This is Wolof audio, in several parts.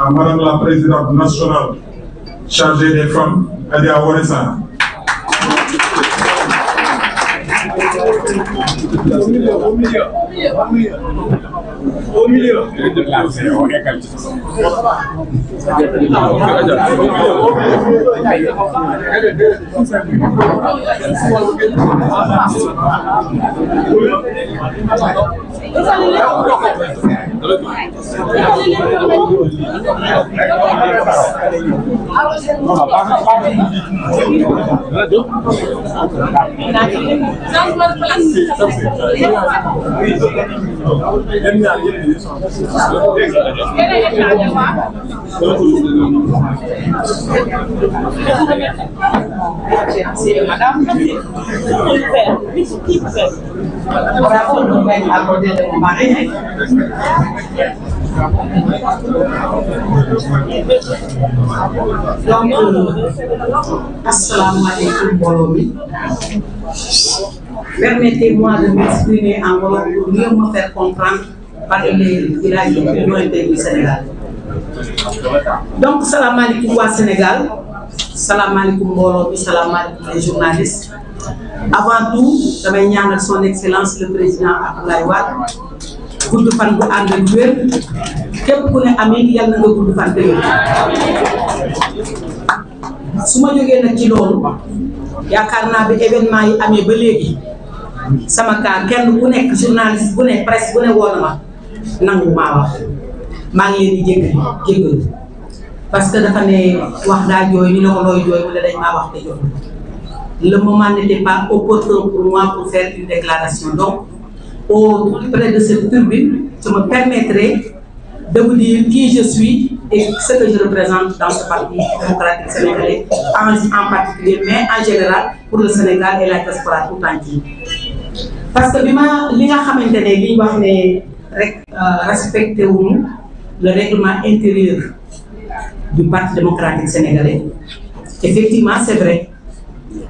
à Madame la Présidente nationale chargée des femmes, Adia Waressa. Madame, Bravo, Assalamu asalaamaaleykum mbooloo mi permettez-moi de m'exprimer en wolof pour mieux me faire comprendre par les villages lointains du Sénégal donc alaikum waa Sénégal alaikum mbooloo salam alaikum les journalistes avant tout damay ñaanal son excellence le président Abdoulaye Wade gudd fan bu ànd ak wér képp ku ne amiin yal na nga gudd fan te wér su ma jógee nag ci loolu yaakaar naa bi événement yi amee ba léegi sama kaa kenn ku nekk journaliste bu ne presse bu ne woo nangu maa wax maa ngi leen di jéggal parce que dafa ne wax daa jooy ñu ne ko jooy mu ne dañ maa wax te jooy le moment n'était pas pour moi pour faire une déclaration donc au près de cette turbine, je me permettrai de vous dire qui je suis et ce que je représente dans ce parti démocratique sénégalais, en, particulier, mais en général pour le Sénégal et la diaspora tout entier. Parce que bima li nga xamante ne li wax euh, le règlement intérieur du parti démocratique sénégalais effectivement c'est vrai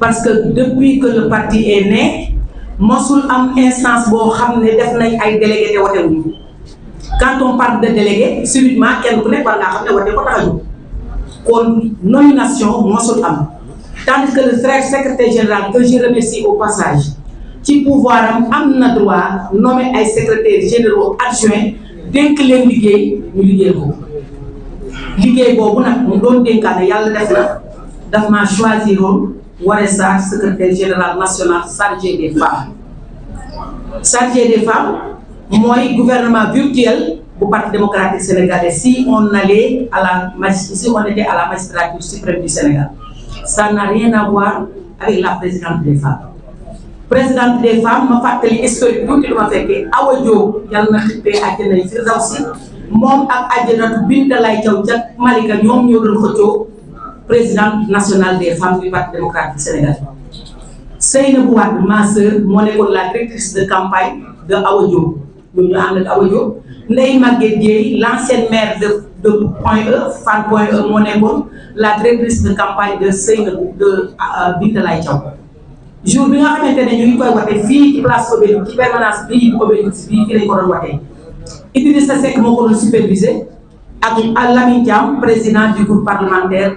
parce que depuis que le parti est né Monsoul am instance sens xamné def nañ ay délégués te wote quand on parle de délégué subitement kenn ku nek war ngaa par ne ko taxaju kon nomination mosul am tandis que le frère secrétaire général que je remercie au passage ci pouvoir am na droit nommer ay secrétaire général adjoint, denk leen liggéey ñu liggéey ko liggéey boobu nag mu doon dénkaane yàlla def na daf maa choisir Waré secrétaire générale nationale, chargé des femmes chargé des femmes moi, gouvernement virtuel du parti démocratique sénégalais si on allait à la si on était à la magistrature suprême du Sénégal ça n'a rien à voir avec la présidente des femmes présidente des femmes ma fait l'histoire tuuti lu ma fekkee Awa Diop à na xippee àjjana yi Firdawsi à ak àjjanatu Binta Lay Malika ñoom doon présidente nationale des femmes du Parti démocrate du Sénégal Seynabou Bouad, ma sœur la directrice de campagne de Awa Diop sommes ñu ànd ak Awa l'ancienne maire de de Point E Point E la directrice de campagne de Seynabou de euh, Binta Laye Thiaw jour bi nga xamante ne ñu ngi koy watee fii ci place Obélisque ci permanence bii bu Obélisque bii fii lañ ko doon watee Idrissa Seck moo ko doon supervisé avec Lamine président du groupe parlementaire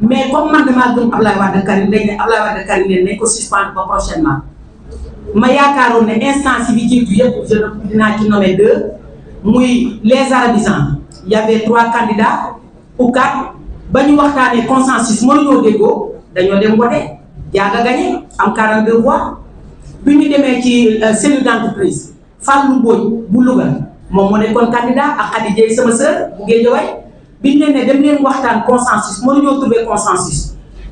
mais comme man damaa gëm Ablaye Wade Karim dañ ne Ablaye Wade Karim ne ko suspendre ba prochainement ma yaakaaroon ne instance yi jiitu yëpp je dinaa ci nommer deux muy les arabisans y avait trois candidats ou quatre ba ñu waxtaanee consensus mënuñoo déggoo dañoo dem wote jaaga gagné am 42 voix bi ñu demee ci euh, cellule d'entreprise Fallou Mbodj bu Louga moom moo nekkoon candidat ak Khady Dieye sama sœur bu Guédiawaye biñ leen ne dem leen waxtaan consensus mënuñoo trouver consensus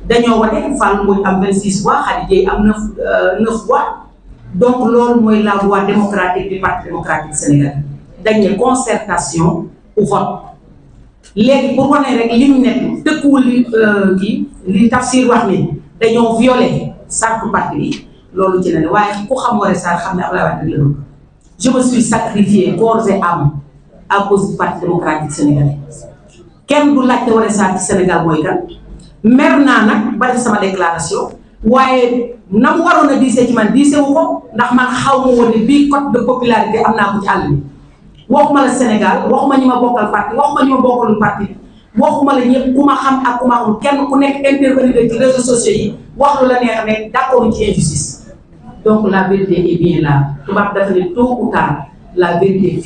dañoo wane Fall mooy am 26 voix Khady am 9 9 euh, voix donc loolu mooy la voie démocratique du parti démocratique sénégalais dañ ne concertation ou vote léegi pour wane rek li mu nekk tëkkuwul li euh, kii li Tafsir wax ni dañoo violé sàrtu parti bi loolu ci la ne waaye ku xam Woré Sarr xam ne Abdoulaye Wade la doon je me suis sacrifié corps et âme à cause du parti démocratique sénégalais. kenn du laajte wane saa ci Sénégal mooy kan mer naa nag ba sama déclaration waaye na mu waroon a diisee ci man diisee wu ko ndax man xaw ma woon ne bii cote de popularité am naa ko ci àll waxuma la Sénégal waxuma ñi ma bokkal parti waxuma ñi ma bokkalul parti waxuma la ñëpp ku ma xam ak ku ma kenn ku nekk intervenir ci réseaux sociaux yi wax lu la neex ne d'accord ci injustice donc la vérité est bien là tubaab dafa ne tôt ou tard la vérité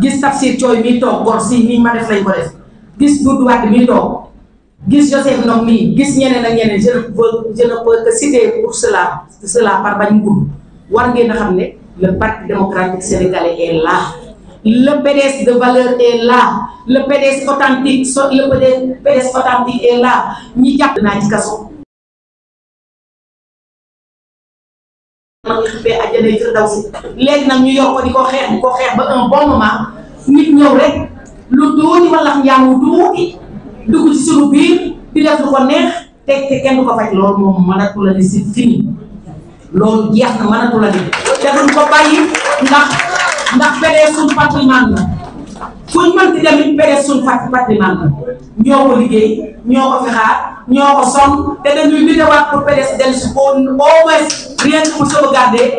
gis Tafsir Cooy mi toog gor si ma def lañ ko def gis Doudou Wade mi toog gis Joseph Ndong mii gis ñeneen ak ñeneen je ne veux je ne peux que par bañ gudd war ngeen a xam ne le parti démocratique sénégalais est là le PDS de valeur est là le PDS authentique so le PDS authentique est là ñi jàpp naa ci kaso aljana firdawsi léegi nag ñu yor ko di ko xeex di ko xeex ba un bon moment nit ñëw rek lu tuuti wala njaam wu tuuti dugg ci suñu biir di def lu ko neex te te kenn du ko faj loolu moom mënatu la di si fini loolu jeex na mënatu la di te duñ ko bàyyi ndax ndax fedee suñ patrimoine la fuñ mën di dem fedee suñ patrimoine la ñoo ko liggéey ñoo ko fi xaar ñoo ko sonn te dañuy liggéeyaat pour PDS dellu si au au moins rien que pour sauvegarder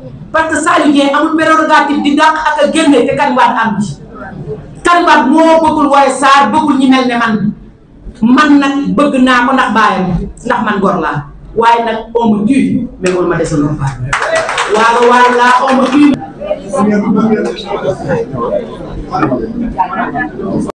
parce que Saliou Dieng amul prérogative di dàq ak génne te Karim am ji Karim moo bëggul waaye Sarr bëggul ñi mel ne man man nag bëgg naa ko ndax bàyyam ndax man gor laa waaye nag omb tuuti mais wala ma des a loo faa waaw waaw laa omb tuuti.